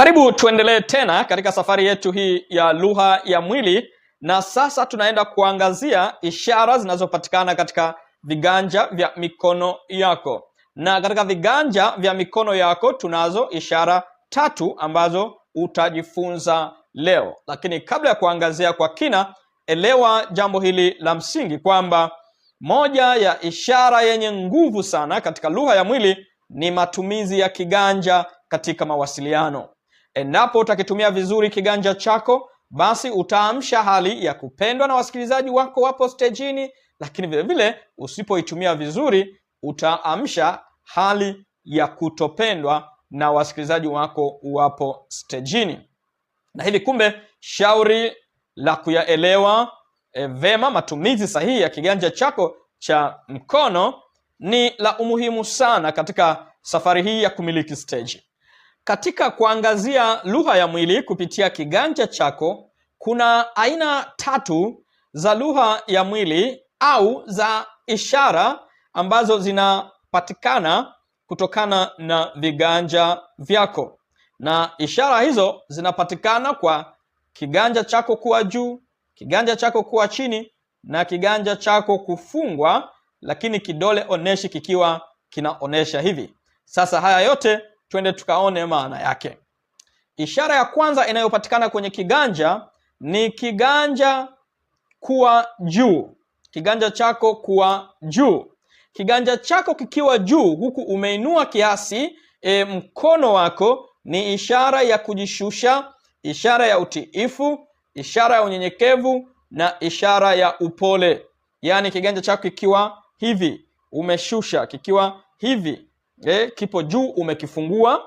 Karibu tuendelee tena katika safari yetu hii ya lugha ya mwili, na sasa tunaenda kuangazia ishara zinazopatikana katika viganja vya mikono yako. Na katika viganja vya mikono yako tunazo ishara tatu ambazo utajifunza leo, lakini kabla ya kuangazia kwa kina, elewa jambo hili la msingi kwamba moja ya ishara yenye nguvu sana katika lugha ya mwili ni matumizi ya kiganja katika mawasiliano. Endapo utakitumia vizuri kiganja chako, basi utaamsha hali ya kupendwa na wasikilizaji wako wapo stejini, lakini vilevile usipoitumia vizuri utaamsha hali ya kutopendwa na wasikilizaji wako wapo stejini. Na hivi kumbe, shauri la kuyaelewa e, vema matumizi sahihi ya kiganja chako cha mkono ni la umuhimu sana katika safari hii ya kumiliki stage. Katika kuangazia lugha ya mwili kupitia kiganja chako, kuna aina tatu za lugha ya mwili au za ishara ambazo zinapatikana kutokana na viganja vyako, na ishara hizo zinapatikana kwa kiganja chako kuwa juu, kiganja chako kuwa chini na kiganja chako kufungwa, lakini kidole oneshi kikiwa kinaonesha hivi. Sasa haya yote Twende tukaone maana yake. Ishara ya kwanza inayopatikana kwenye kiganja ni kiganja kuwa juu, kiganja chako kuwa juu. Kiganja chako kikiwa juu, huku umeinua kiasi e, mkono wako ni ishara ya kujishusha, ishara ya utiifu, ishara ya unyenyekevu na ishara ya upole. Yaani kiganja chako kikiwa hivi umeshusha, kikiwa hivi eh, kipo juu umekifungua,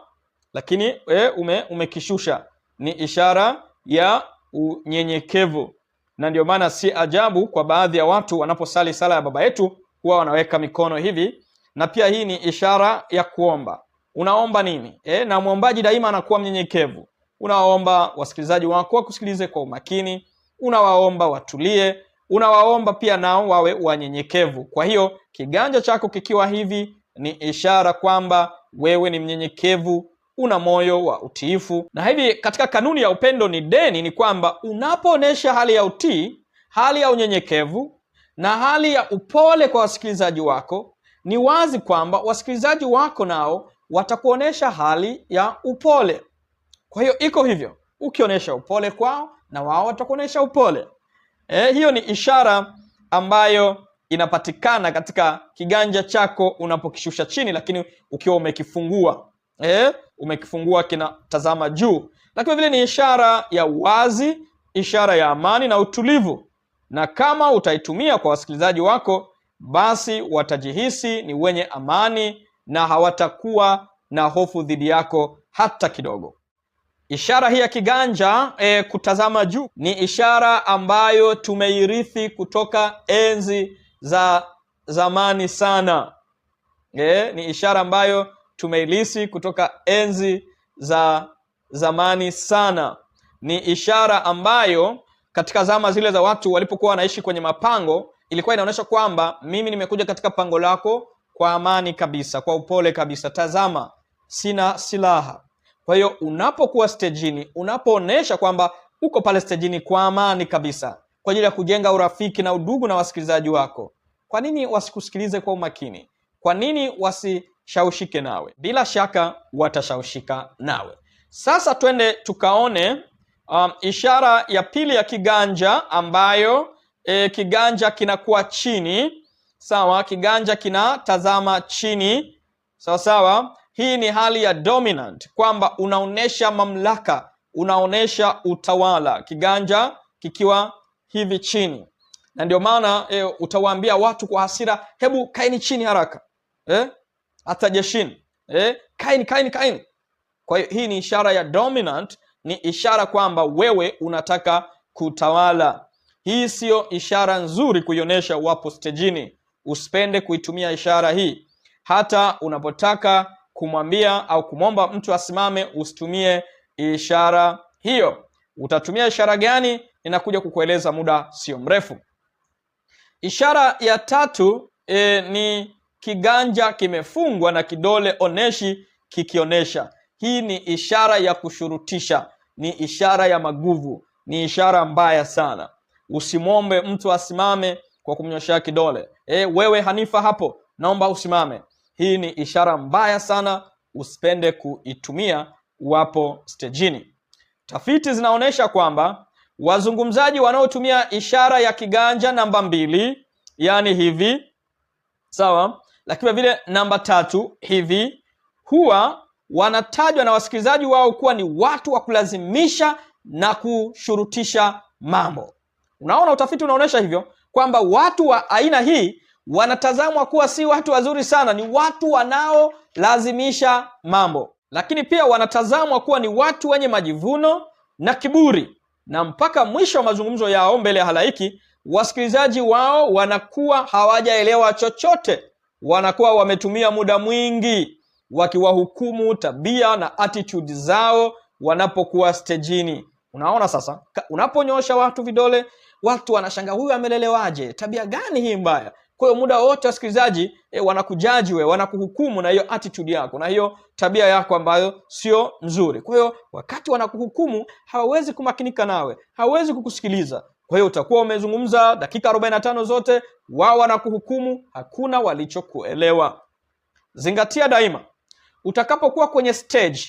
lakini eh, ume, umekishusha. Ni ishara ya unyenyekevu, na ndio maana si ajabu kwa baadhi ya watu wanaposali sala ya Baba Yetu huwa wanaweka mikono hivi, na pia hii ni ishara ya kuomba. Unaomba nini? Eh, na mwombaji daima anakuwa mnyenyekevu. Unawaomba wasikilizaji wako wakusikilize kwa umakini, unawaomba watulie, unawaomba pia nao wawe wanyenyekevu. Kwa hiyo kiganja chako kikiwa hivi ni ishara kwamba wewe ni mnyenyekevu, una moyo wa utiifu. Na hivi katika kanuni ya upendo ni deni, ni kwamba unapoonyesha hali ya utii, hali ya unyenyekevu na hali ya upole kwa wasikilizaji wako, ni wazi kwamba wasikilizaji wako nao watakuonyesha hali ya upole. Kwa hiyo iko hivyo, ukionyesha upole kwao na wao watakuonyesha upole. Eh, hiyo ni ishara ambayo inapatikana katika kiganja chako unapokishusha chini, lakini ukiwa umekifungua eh, umekifungua kinatazama juu. Lakini vile ni ishara ya wazi ishara ya amani na utulivu, na kama utaitumia kwa wasikilizaji wako, basi watajihisi ni wenye amani na hawatakuwa na hofu dhidi yako hata kidogo. Ishara hii ya kiganja e, kutazama juu ni ishara ambayo tumeirithi kutoka enzi za zamani sana. E, ni ishara ambayo tumeilisi kutoka enzi za zamani sana. Ni ishara ambayo katika zama zile za watu walipokuwa wanaishi kwenye mapango, ilikuwa inaonyesha kwamba mimi nimekuja katika pango lako kwa amani kabisa, kwa upole kabisa. Tazama, sina silaha. Kwa hiyo unapokuwa stejini, unapoonesha kwamba uko pale stejini kwa amani kabisa, kwa ajili ya kujenga urafiki na udugu na wasikilizaji wako. Kwa nini wasikusikilize kwa umakini? Kwa nini wasishawishike nawe? Bila shaka watashawishika nawe. Sasa twende tukaone um, ishara ya pili ya kiganja ambayo e, kiganja kinakuwa chini, sawa. Kiganja kinatazama chini, sawa sawa. Hii ni hali ya dominant, kwamba unaonesha mamlaka, unaonesha utawala, kiganja kikiwa hivi chini, na ndio maana e, utawaambia watu kwa hasira, hebu kaeni chini haraka eh, hata jeshini eh, kaini kaini kaini Kwa hiyo hii ni ishara ya dominant, ni ishara kwamba wewe unataka kutawala. Hii siyo ishara nzuri kuionyesha wapo stejini. Usipende kuitumia ishara hii, hata unapotaka kumwambia au kumwomba mtu asimame, usitumie ishara hiyo. Utatumia ishara gani? ninakuja kukueleza muda sio mrefu. Ishara ya tatu e, ni kiganja kimefungwa na kidole oneshi kikionyesha. Hii ni ishara ya kushurutisha, ni ishara ya maguvu, ni ishara mbaya sana. Usimwombe mtu asimame kwa kumnyoshea kidole. E, wewe Hanifa, hapo naomba usimame. Hii ni ishara mbaya sana, usipende kuitumia wapo stejini. Tafiti zinaonyesha kwamba wazungumzaji wanaotumia ishara ya kiganja namba mbili, yaani hivi sawa, lakini vile namba tatu hivi, huwa wanatajwa na wasikilizaji wao kuwa ni watu wa kulazimisha na kushurutisha mambo. Unaona, utafiti unaonyesha hivyo kwamba watu wa aina hii wanatazamwa kuwa si watu wazuri sana, ni watu wanaolazimisha mambo, lakini pia wanatazamwa kuwa ni watu wenye majivuno na kiburi na mpaka mwisho wa mazungumzo yao mbele ya halaiki, wasikilizaji wao wanakuwa hawajaelewa chochote, wanakuwa wametumia muda mwingi wakiwahukumu tabia na attitude zao wanapokuwa stejini. Unaona sasa, unaponyosha watu vidole, watu wanashanga huyu amelelewaje? Tabia gani hii mbaya? Kwa hiyo muda wote wasikilizaji e, wanakujaji wewe, wanakuhukumu na hiyo attitude yako na hiyo tabia yako ambayo sio nzuri. Kwa hiyo wakati wanakuhukumu hawawezi kumakinika nawe, hawawezi kukusikiliza. Kwa hiyo utakuwa umezungumza dakika 45 zote, wao wanakuhukumu, hakuna walichokuelewa. Zingatia daima, utakapokuwa kwenye stage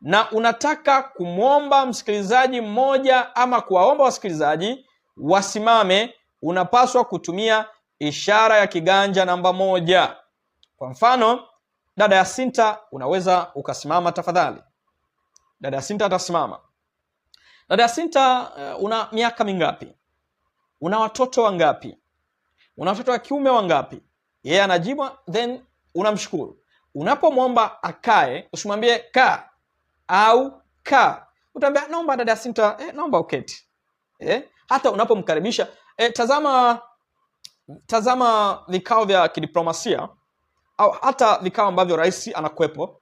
na unataka kumwomba msikilizaji mmoja ama kuwaomba wasikilizaji wasimame, unapaswa kutumia ishara ya kiganja namba moja. Kwa mfano, dada ya Sinta, unaweza ukasimama tafadhali. Dada ya Sinta atasimama. Dada ya Sinta, uh, una miaka mingapi? Una watoto wangapi? Una watoto wa kiume wangapi? Yeye anajibwa anajibu, then unamshukuru. Unapomwomba akae, usimwambie kaa au ka, utaambia naomba dada Sinta, eh, naomba uketi. Eh, hata unapomkaribisha eh, tazama tazama vikao vya kidiplomasia au hata vikao ambavyo rais anakuwepo,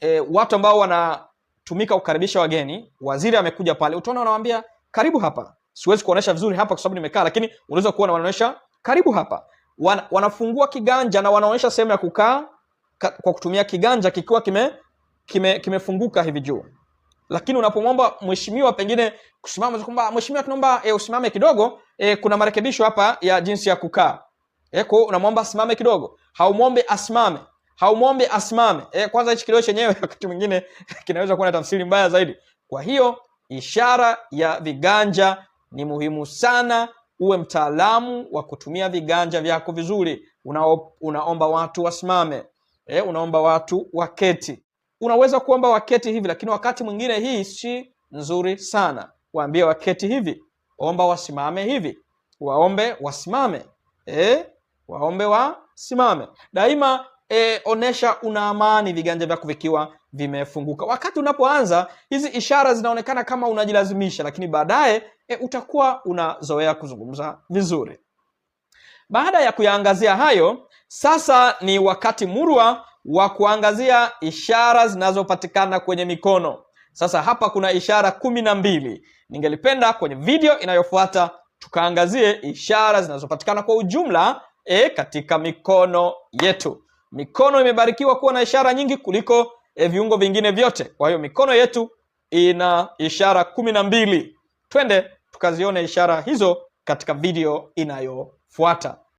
e, watu ambao wanatumika kukaribisha wageni. Waziri amekuja pale, utaona wanawaambia karibu hapa. Siwezi kuonesha vizuri hapa kwa sababu nimekaa, lakini unaweza kuona wanaonyesha karibu hapa. Wan, wanafungua kiganja na wanaonyesha sehemu ya kukaa kwa kutumia kiganja kikiwa kime kimefunguka kime hivi juu. Lakini unapomwomba mheshimiwa pengine kusimama, kwamba mheshimiwa, tunaomba e, usimame kidogo e, kuna marekebisho hapa ya jinsi ya kukaa e, kwa unamwomba asimame kidogo, haumwombe asimame, haumwombe asimame e, kwanza hichi kilio chenyewe wakati mwingine kinaweza kuwa na tafsiri mbaya zaidi. Kwa hiyo ishara ya viganja ni muhimu sana, uwe mtaalamu wa kutumia viganja vyako vizuri. Una, unaomba watu wasimame e, unaomba watu waketi. Unaweza kuomba waketi hivi, lakini wakati mwingine hii si nzuri sana, waambie waketi hivi omba wasimame hivi, waombe wasimame, e, waombe wasimame daima. E, onesha una amani, viganja vyako vikiwa vimefunguka. Wakati unapoanza hizi ishara zinaonekana kama unajilazimisha, lakini baadaye e, utakuwa unazoea kuzungumza vizuri. Baada ya kuyaangazia hayo, sasa ni wakati murwa wa kuangazia ishara zinazopatikana kwenye mikono. Sasa hapa kuna ishara kumi na mbili. Ningelipenda kwenye video inayofuata tukaangazie ishara zinazopatikana kwa ujumla e, katika mikono yetu. Mikono imebarikiwa kuwa na ishara nyingi kuliko e, viungo vingine vyote. Kwa hiyo mikono yetu ina ishara kumi na mbili. Twende tukazione ishara hizo katika video inayofuata.